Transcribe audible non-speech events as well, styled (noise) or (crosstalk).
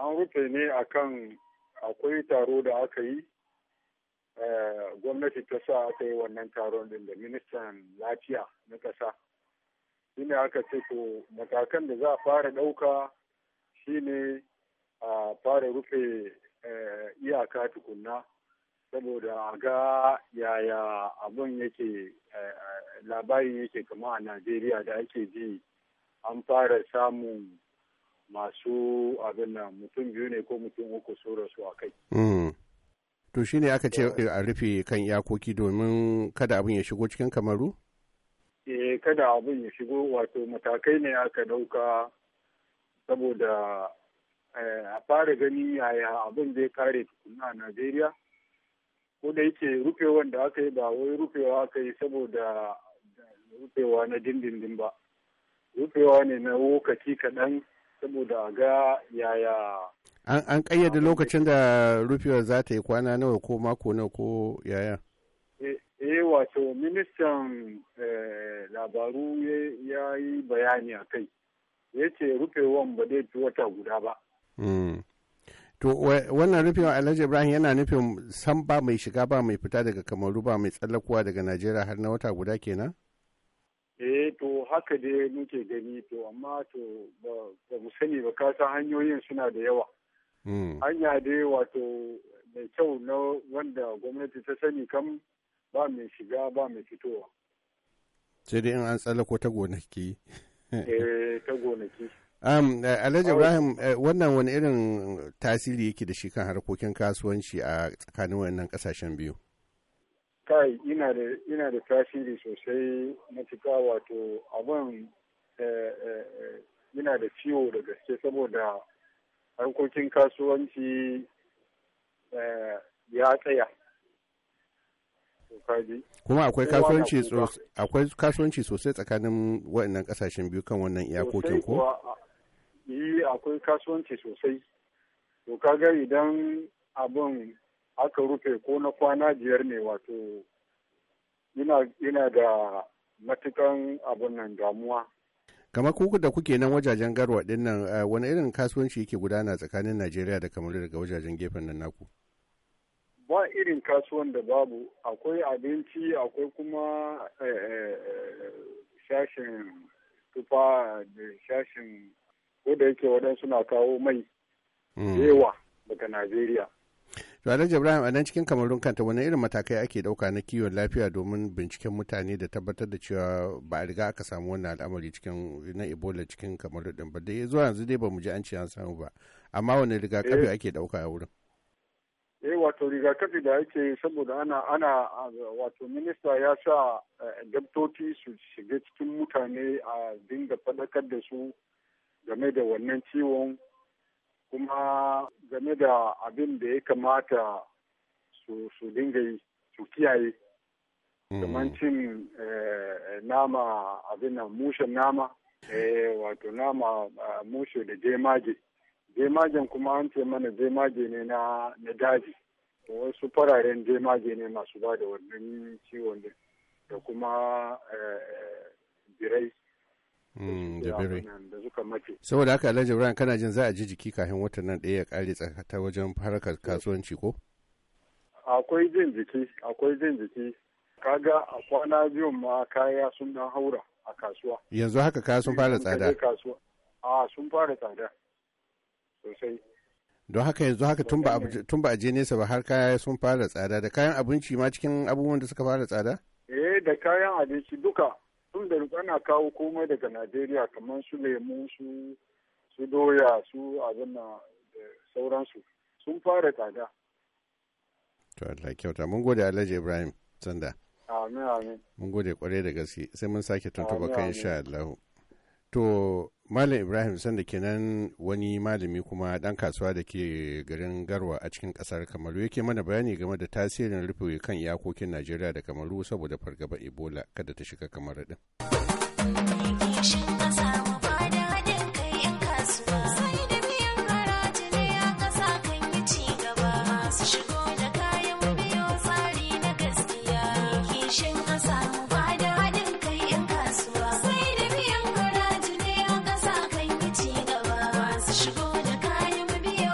an rufe ne akan akwai taro da aka yi eh, gwamnati ta sa aka yi wannan taron din da ministan lafiya na ƙasa shine aka ce to matakan da za a fara ɗauka shine a fara rufe eh, iyaka tukunna saboda a ga yaya abun yake eh, labarin yake kama a najeriya da ake ji an fara samun masu abin nan mutum biyu ne ko mutum uku su rasu a kai. Hmm. To shi ne aka ce eh. a rufe kan iyakoki domin kada abin ya shigo cikin kamaru? Eh kada abin ya shigo wato matakai ne aka dauka saboda eh, a fara gani yaya abin zai kare tukuna a Najeriya. Ko da yake rufewan da aka yi ba wai rufewa aka yi saboda rufewa na dindindin ba. Rufewa ne na wokaci kaɗan saboda ga yaya an ƙayyade lokacin da rufewar za ta yi kwana nawa ko mako nawa ko yaya eh, eh wato ministan eh, labaru ya yi bayani a kai ya ce rufewar ba zai fi wata guda ba hmm. to wannan rufewar alhaji ibrahim yana nufin san ba mai shiga ba mai fita daga kamaru ba mai tsallakuwa daga najeriya har na wata guda kenan eh to haka dai muke gani to amma to ba mu sani ba kasa hanyoyin suna da yawa mm. hanya dai wato mai kyau na wanda gwamnati ta sani kam ba mai shiga ba mai fitowa sai dai in an tsallako ta gonaki (laughs) eh ta gonaki Um, uh, Alhaji Ibrahim uh, wannan wani irin tasiri yake da shi kan harkokin kasuwanci a tsakanin wannan kasashen biyu? kai ina da ina da tasiri sosai matuƙa wato abin yana eh, eh, eh, da ciwo da gaske saboda harkokin kasuwanci ya tsaya kuma akwai kasuwanci akwai kasuwanci sosai tsakanin waɗannan ƙasashen biyu kan wannan iyakokin ko yi akwai kasuwanci sosai to kaga idan abin aka rufe ko na kwana biyar ne wato yana da matukan abun nan damuwa kamar kuku da kuke nan wajajen garwa din nan eh, wani irin kasuwanci yake gudana tsakanin najeriya da kamar daga wajajen gefen nan naku ba irin kasuwan da babu akwai abinci akwai kuma eh, eh, shashin tufa da shashin ko da yake waɗansu na kawo mai hmm. yawa daga najeriya to alhaji ibrahim a nan cikin kamarun kanta wani irin matakai ake dauka na kiwon lafiya domin binciken mutane da tabbatar da cewa ba a riga aka samu wannan al'amari cikin na ebola cikin kamarun din ba da zuwa yanzu dai bamu ji an ce an samu ba amma wani rigakafi eh. ake dauka a wurin eh wato rigakafi da ake saboda ana ana wato minista ya sa eh, dabtoci su shiga cikin mutane a dinga faɗakar da su game da wannan ciwon kuma game da abin da ya kamata su dinga yi su kiyaye hmm. kamar cin eh, nama abin nan mushen nama eh, wato nama ah, mushe da jemage jemagen kuma an ce mana jemage ne na daji wasu fararen jemage ne masu ba da wannan ciwon da kuma eh, birai hmm, da birai kan mace. Saboda haka Alhaji Ibrahim kana jin za a ji jiki kafin watan nan ɗaya ya ƙare ta wajen harkar kasuwanci ko? Akwai jin jiki, akwai jin jiki. Kaga a kwana biyun ma kaya sun dan haura a kasuwa. Yanzu haka kaya sun fara tsada. A sun fara tsada sosai. Don haka yanzu haka tun ba a je nesa ba har kaya sun fara tsada da kayan abinci ma cikin abubuwan da suka fara tsada? Eh da kayan abinci duka tun da ana kawo komai daga najeriya kamar su lemu su su doya su abin da sauransu sun fara tsada to Allah kyauta mun gode Alhaji Ibrahim sanda amin amin mun gode kwarai da gaske sai mun sake tuntuba kan insha Allah to Malam Ibrahim Sanda kenan wani malami kuma dan kasuwa da ke garin Garwa a cikin kasar Kamaru yake mana bayani game da tasirin rufe kan iyakokin Najeriya da Kamaru saboda fargaba Ebola kada ta shiga kamar din.